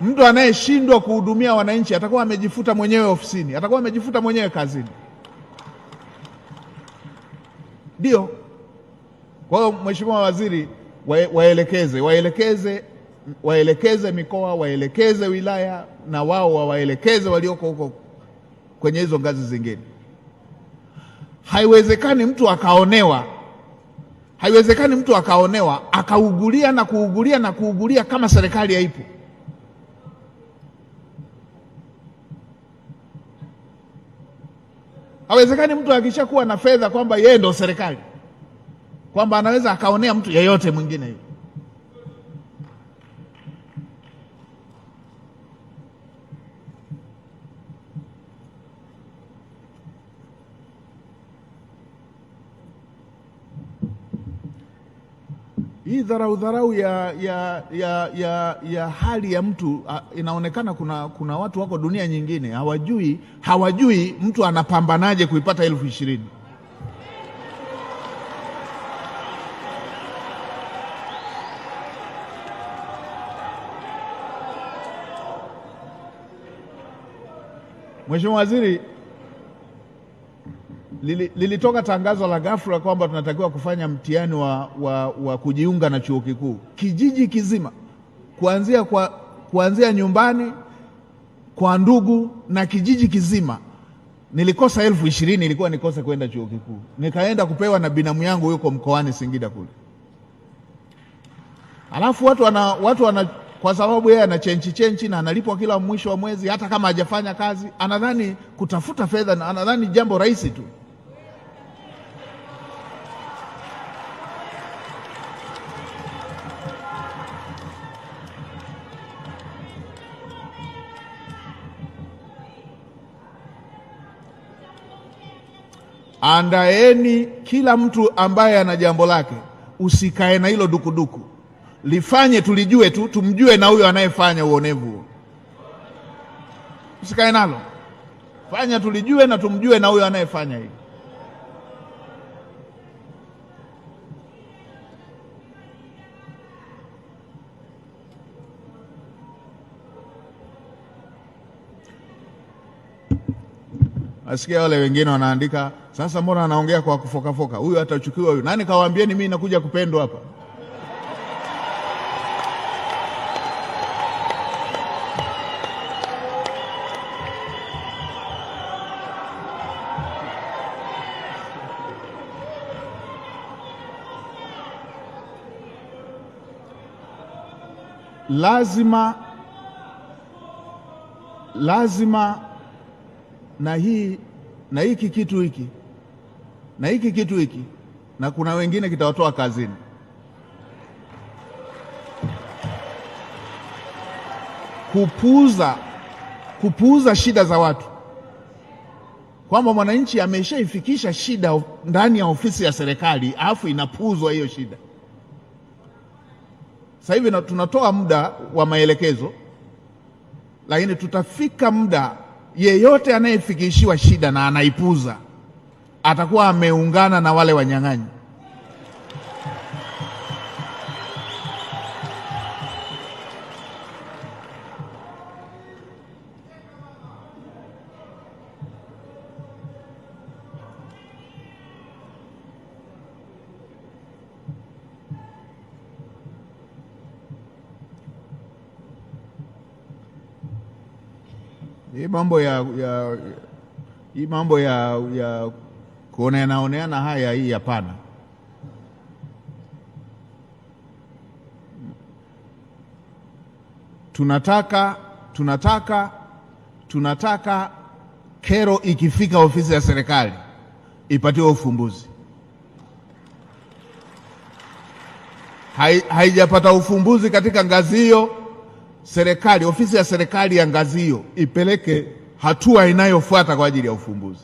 Mtu anayeshindwa kuhudumia wananchi atakuwa amejifuta mwenyewe ofisini, atakuwa amejifuta mwenyewe kazini. Ndio kwa hiyo Mheshimiwa Waziri, waelekeze waelekeze waelekeze mikoa, waelekeze wilaya, na wao wawaelekeze walioko huko kwenye hizo ngazi zingine. Haiwezekani mtu akaonewa, haiwezekani mtu akaonewa akaugulia na kuugulia na kuugulia kama serikali haipo. Hawezekani mtu akishakuwa na fedha kwamba yeye ndo serikali, kwamba anaweza akaonea mtu yeyote mwingine hiyo. hii dharau dharau ya, ya, ya, ya, ya hali ya mtu inaonekana kuna, kuna watu wako dunia nyingine hawajui, hawajui mtu anapambanaje kuipata elfu ishirini. Mheshimiwa Waziri lilitoka tangazo la ghafla kwamba tunatakiwa kufanya mtihani wa, wa, wa kujiunga na chuo kikuu kijiji kizima, kuanzia, kwa, kuanzia nyumbani kwa ndugu na kijiji kizima. Nilikosa elfu ishirini ilikuwa nikose kwenda chuo kikuu, nikaenda kupewa na binamu yangu yuko mkoani Singida kule. Alafu watu wana, watu wana, kwa sababu yeye ana chenchi chenchi na analipwa kila mwisho wa mwezi, hata kama hajafanya kazi, anadhani kutafuta fedha na anadhani jambo rahisi tu. Andaeni kila mtu ambaye ana jambo lake, usikae na hilo dukuduku, lifanye tulijue tu, tumjue na huyo anayefanya uonevu huo. Usikae nalo, fanya tulijue na tumjue na huyo anayefanya hivi. Asikia wale wengine wanaandika, sasa mbona anaongea kwa kufokafoka, huyu atachukiwa, huyu nani? Kawaambieni mimi nakuja kupendwa hapa. Lazima lazima na hii na hiki kitu hiki na hiki kitu hiki, na kuna wengine kitawatoa kazini. Kupuuza, kupuuza shida za watu, kwamba mwananchi ameshaifikisha shida ndani ya ofisi ya serikali, alafu inapuuzwa hiyo shida. Sasa hivi tunatoa muda wa maelekezo, lakini tutafika muda Yeyote anayefikishiwa shida na anaipuza atakuwa ameungana na wale wanyang'anyi. hii mambo ya, ya, hii mambo ya, ya kuoneanaoneana haya, hii hapana. Tunataka, tunataka, tunataka kero ikifika ofisi ya serikali ipatiwe ufumbuzi. Haijapata ufumbuzi katika ngazi hiyo serikali, ofisi ya serikali ya ngazi hiyo ipeleke hatua inayofuata kwa ajili ya ufumbuzi.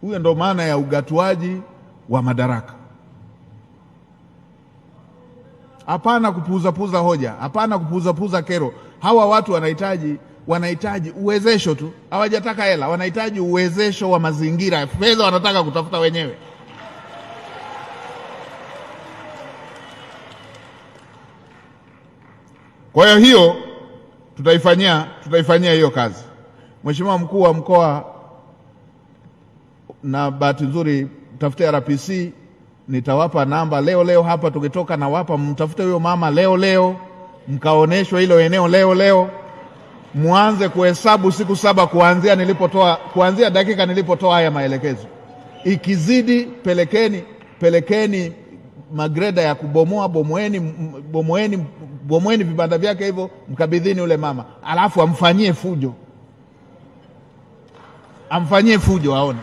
Huyo ndo maana ya ugatuaji wa madaraka, hapana kupuuzapuuza hoja, hapana kupuuzapuuza kero. Hawa watu wanahitaji wanahitaji uwezesho tu, hawajataka hela, wanahitaji uwezesho wa mazingira. Fedha wanataka kutafuta wenyewe. Kwa hiyo hiyo tutaifanyia tutaifanyia hiyo kazi. Mheshimiwa mkuu wa mkoa, na bahati nzuri mtafute RPC, nitawapa namba leo leo hapa tukitoka, nawapa mtafute huyo mama leo leo, mkaoneshwe hilo eneo leo leo, mwanze kuhesabu siku saba kuanzia nilipotoa kuanzia dakika nilipotoa haya maelekezo. Ikizidi pelekeni pelekeni magreda ya kubomoa, bomoeni bomoeni bomweni vibanda vyake hivyo, mkabidhini ule mama, alafu amfanyie fujo, amfanyie fujo aone.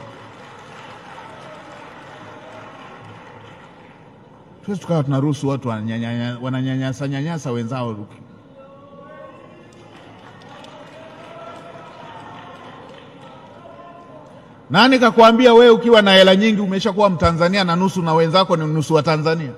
Tuwezi tukawa tunaruhusu watu wananyanyasa nyanyasa wenzao. Nani kakwambia wewe ukiwa na hela nyingi umeshakuwa Mtanzania na nusu na wenzako ni nusu wa Tanzania?